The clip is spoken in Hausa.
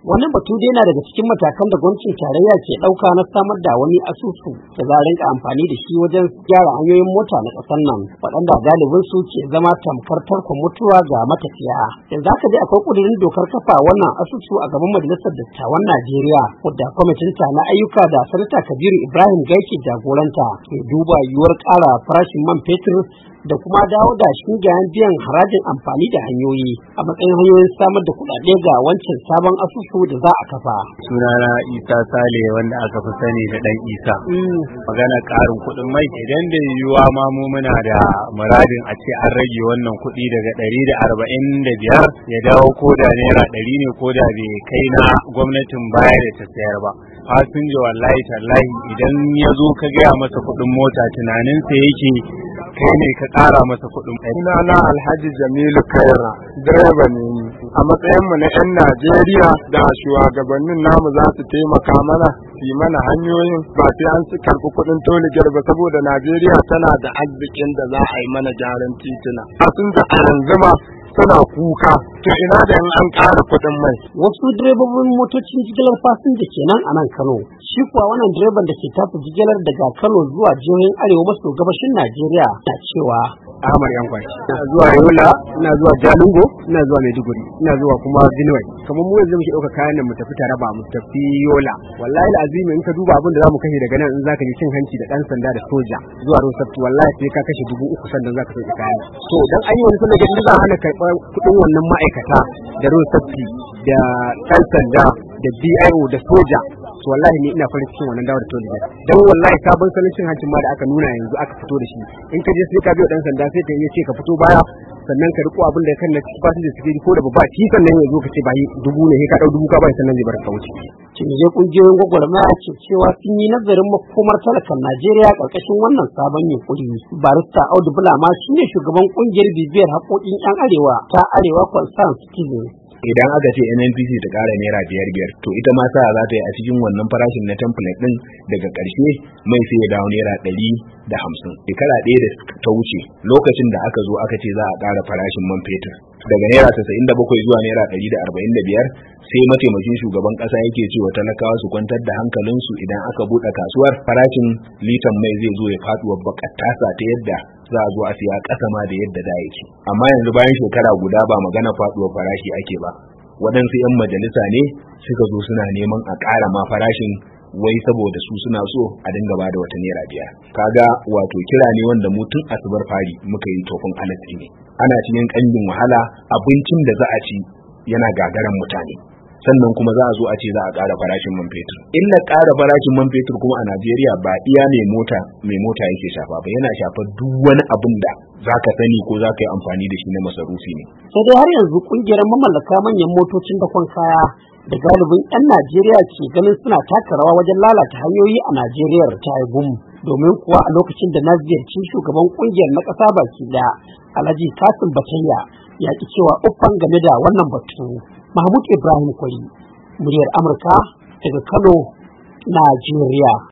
Wani batu dai na daga cikin matakan da gwamnatin tarayya ke ɗauka na samar da wani asusu da za rinka amfani da shi wajen gyara hanyoyin mota na ƙasar nan waɗanda galibin su ke zama tamkar tarkon mutuwa ga matafiya yanzu haka dai akwai ƙudurin dokar kafa wannan asusu a gaban majalisar dattawan najeriya wadda kwamitin ta na ayyuka da sanata kabiru ibrahim gaiki jagoranta ke duba yiwuwar ƙara farashin man fetur da kuma dawo da shingayen biyan harajin amfani da hanyoyi a matsayin hanyoyin samar da kudade ga wancan sabon asusu da za a kafa. Sunana Isa Sale wanda aka fi sani da ɗan Isa. Mm. Magana karin kuɗin mai idan da yiwuwa ma mu muna da muradin a ce an rage wannan kuɗi daga ɗari da arba'in da biyar ya dawo ko da naira ɗari ne ko da bai kai na gwamnatin baya da ta sayar ba. Fasinja wallahi tallahi idan ya zo ka gaya masa kuɗin mota tunaninsa yake kai ne ka ƙara masa kuɗin ina na alhaji jamilu kaira direba ne ni a matsayin mu na yan najeriya da shugabannin namu za su taimaka mana su mana hanyoyin ba sai an su karɓi kuɗin toli ba saboda najeriya tana da arzikin da za a yi mana gyaran titina a sun da yanzu suna kuka to ina da an kara kuɗin mai. Wasu direbobin motocin jigilar fasinja kenan a nan Kano. Shi kuwa wannan direban da ke tafi jigilar daga Kano zuwa jihohin Arewa maso gabashin Najeriya na cewa Ahmad Yankwai. Ina zuwa Yola, ina zuwa Jalingo, ina zuwa Maiduguri, ina zuwa kuma Benue. Kamar mu yanzu muke ɗauka kayan nan mu tafi Taraba, mu tafi Yola. Wallahi azimi in ka duba abin da zamu kashe daga nan in zaka yi cin hanci da ɗan sanda da soja zuwa Rosafti wallahi sai ka kashe dubu uku sannan zaka sauke kayan. To dan an yi wani sanda da za hana karɓar kuɗin wannan ma'aikata da Rosafti da ɗan sanda da BIO da soja wallahi ne ina farin cikin wannan dawar tole dan wallahi sabon salon cin ma da aka nuna yanzu aka fito da shi in ka je sai ka biyo dan sanda sai ka yi ce ka fito baya sannan ka riko abin da kan na ba da suke ko da babba shi sannan yanzu ka ce bai dubu ne ka dau dubu ka bai sannan zai bar ka wuce ce je kungiyoyin gwagwarmaya ce cewa sun yi nazarin makomar talakan Najeriya karkashin wannan sabon yunkuri barista Audu Bulama ne shugaban kungiyar bibiyar haƙoƙin 'yan arewa ta arewa concern citizen idan aka ce nnpc ta kara naira biyar biyar to ita ma sa za ta yi a cikin wannan farashin na template din daga karshe mai sai ya dawo naira ɗari da hamsin shekara ɗaya da ta wuce lokacin da aka zo aka ce za a kara farashin man fetur daga naira tasa'in da bakwai zuwa naira ɗari da arba'in da biyar sai mataimakin shugaban ƙasa yake cewa talakawa su kwantar da hankalinsu idan aka buɗe kasuwar farashin litan mai zai zo ya faɗuwa bakatasa ta yadda za a zo a siya ƙasa ma da yadda da yake amma yanzu bayan shekara guda ba magana faɗuwar farashi ake ba waɗansu 'yan majalisa ne suka zo suna neman a ƙara ma farashin wai saboda su suna so a dinga ba da wata naira biyar kaga wato kira ne wanda mu tun asubar fari muka yi tofin alatsi ne ana cikin ƙangin wahala abincin da za a ci yana gagaran mutane sannan kuma za a zo a ce za a ƙara farashin man fetur illa ƙara farashin man fetur kuma a Najeriya ba iya mai mota mai mota yake shafa ba yana shafa duk wani abin da za ka sani ko za ka yi amfani da shi na masarufi ne sai dai har yanzu kungiyar mamallaka manyan motocin da kwan kaya da galibin 'yan Najeriya ke ganin suna taka rawa wajen lalata hanyoyi a Najeriya ta gum domin kuwa a lokacin da na ziyarci shugaban kungiyar na ƙasa baki da Alhaji Kasim Batayya ya ki cewa uffan game da wannan batu. mahmud ibrahim kwari muryar amurka daga kano najeriya